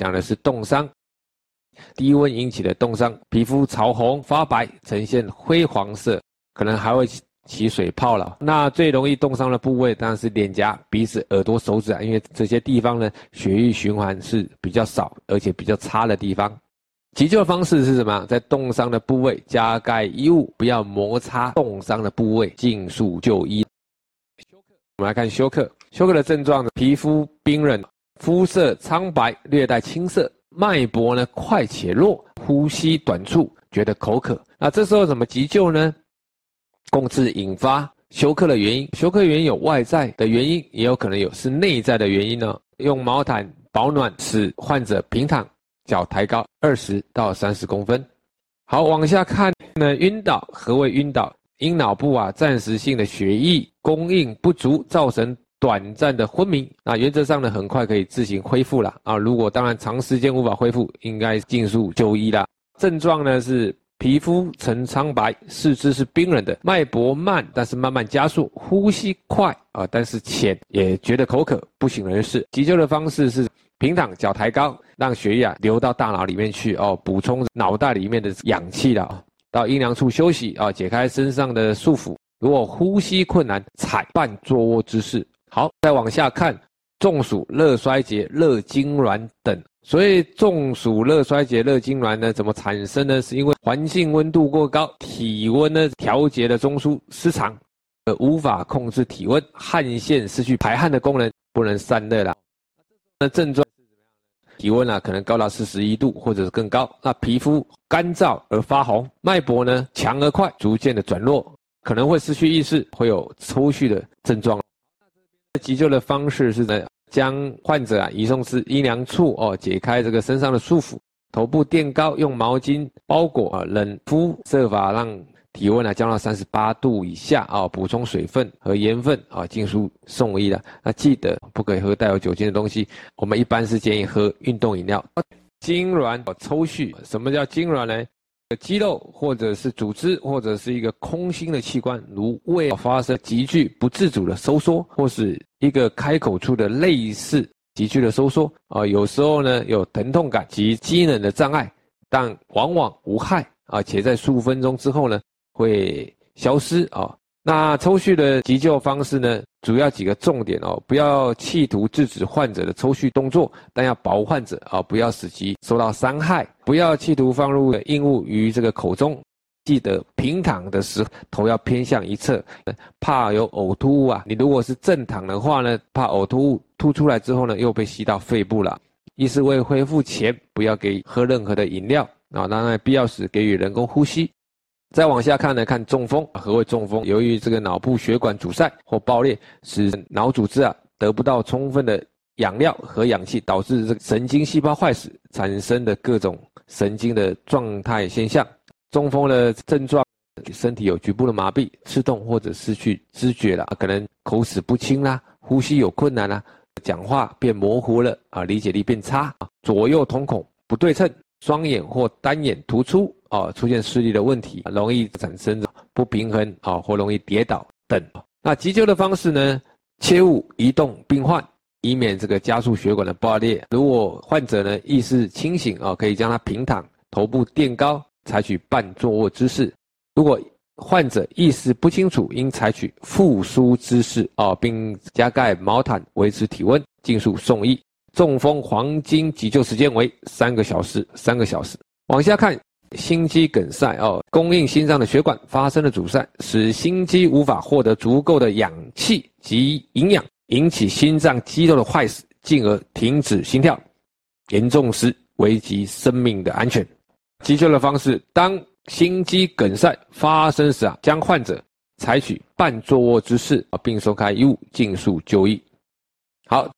講的是凍傷，低溫引起的凍傷，皮膚潮紅、發白，呈現灰黃色，可能還會起水泡了。那最容易凍傷的部位當然是臉頰、鼻子、耳朵、手指啊，因為這些地方呢，血液循環是比較少而且比較差的地方。急救的方式是什麼？在凍傷的部位加蓋衣物，不要摩擦凍傷的部位，盡速就醫。休克。我們來看休克，休克的症狀呢，皮膚冰冷。膚色蒼白，略帶青色，脈搏呢快且弱，呼吸短促，覺得口渴。那這時候怎麼急救呢？控制引發休克的原因，休克原因有外在的原因，也有可能有是內在的原因呢、哦？用毛毯保暖，使患者平躺，腳抬高二十到三十公分。好，往下看呢，暈倒。何謂暈倒？因腦部啊暫時性的血液供應不足造成。短暫的昏迷啊，那原則上呢很快可以自行恢復了啊。如果當然長時間無法恢復，應該儘速就醫啦。症狀呢是皮膚呈蒼白，四肢是冰冷的，脈搏慢但是慢慢加速，呼吸快啊但是淺，也覺得口渴，不省人事。急救的方式是平躺，腳抬高，讓血液、啊、流到大腦裡面去哦，補充腦袋裡面的氧氣了、哦、到陰涼處休息啊、哦，解開身上的束縛。如果呼吸困難，採半坐臥姿勢。好，再往下看，中暑、熱衰竭、熱痙攣等。所以，中暑、熱衰竭、熱痙攣呢，怎麼產生呢？是因為環境溫度過高，體溫呢調節的中樞失常，而無法控制體溫，汗腺失去排汗的功能，不能散熱了。那症狀是什麼樣的？體溫啊可能高達四十一度或者是更高。那皮膚乾燥而發紅，脈搏呢強而快，逐漸的轉弱，可能會失去意識，會有抽搐的症狀。急救的方式是呢，將患者啊移送至陰涼處哦，解開這個身上的束縛，頭部墊高，用毛巾包裹啊、哦、冷敷，設法讓體溫啊降到三十八度以下啊、哦，補充水分和鹽分啊、哦，盡速送醫的。那記得不可以喝帶有酒精的東西，我們一般是建議喝運動飲料。痙攣或抽搐，什麼叫痙攣呢？肌肉，或者是組織，或者是一個空心的器官，如胃，發生急劇不自主的收縮，或是一個開口處的類似急劇的收縮啊，有時候呢有疼痛感及機能的障礙，但往往無害啊，且在數分鐘之後呢會消失啊。那抽搐的急救方式呢？主要幾個重點哦，不要企圖制止患者的抽搐動作，但要保護患者啊、哦，不要使其受到傷害。不要企圖放入硬物於這個口中。記得平躺的時候頭要偏向一側，怕有嘔吐物啊。你如果是正躺的話呢，怕嘔吐物吐，吐出來之後呢又被吸到肺部了。意識未恢復前不要給喝任何的飲料啊、哦，當然必要時給予人工呼吸。再往下看呢，看中風。何謂中風？由於這個腦部血管阻塞或爆裂，使腦組織啊得不到充分的養料和氧氣，導致這個神經細胞壞死，產生的各種神經的狀態現象。中風的症狀，身體有局部的麻痹、刺痛或者失去知覺了，可能口齒不清啦、啊，呼吸有困難啦、啊，講話變模糊了啊，理解力變差，左右瞳孔不對稱，雙眼或單眼突出。哦，出現視力的問題，容易產生不平衡啊、哦，或容易跌倒等。那急救的方式呢？切勿移動病患，以免這個加速血管的破裂。如果患者呢意識清醒啊、哦，可以將他平躺，頭部墊高，採取半坐臥姿勢。如果患者意識不清楚，應採取復甦姿勢啊，並加蓋毛毯維持體溫，迅速送醫。中風黃金急救時間為三個小時。三個小時，往下看。心肌梗塞哦，供應心臟的血管發生了阻塞，使心肌無法獲得足夠的氧氣及營養，引起心臟肌肉的壞死，進而停止心跳，嚴重時危及生命的安全。急救的方式，當心肌梗塞發生時啊，將患者採取半坐臥姿勢啊，並鬆開衣物，盡速就醫。好，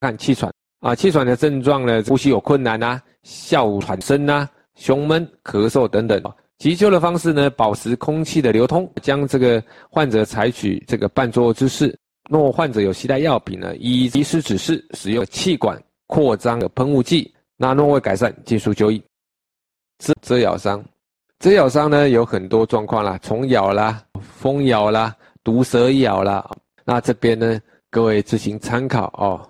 看氣喘啊，氣喘的症狀呢，呼吸有困難啊，哮喘聲啊。胸悶、咳嗽，等等，急救的方式呢，保持空氣的流通，將這個患者採取這個半坐姿勢。若患者有攜帶藥品呢，依醫師指示使用氣管擴張的噴霧劑。那若未改善，迅速就醫。螫、螫咬傷，螫咬傷呢，有很多狀況啦，蟲咬，咬啦、蜂咬啦、毒蛇咬啦。那這邊呢，各位自行參考哦。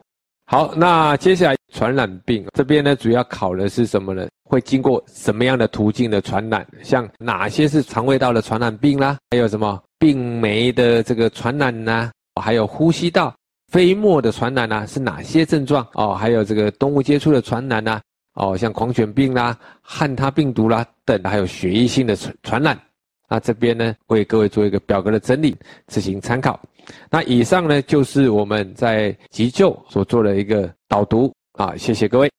好，那接下來，傳染病這邊呢，主要考的是什麼呢？會經過什麼樣的途徑的傳染？像哪些是腸胃道的傳染病啦？還有什麼病媒的這個傳染吶、啊，還有呼吸道飛沫的傳染呢、啊？是哪些症狀哦？還有這個動物接觸的傳染吶、啊。哦，像狂犬病啦、漢他病毒啦等，還有血液性的傳傳染。那這邊呢，為各位做一個表格的整理，自行參考。那以上呢，就是我們在急救所做的一個導讀啊，謝謝各位。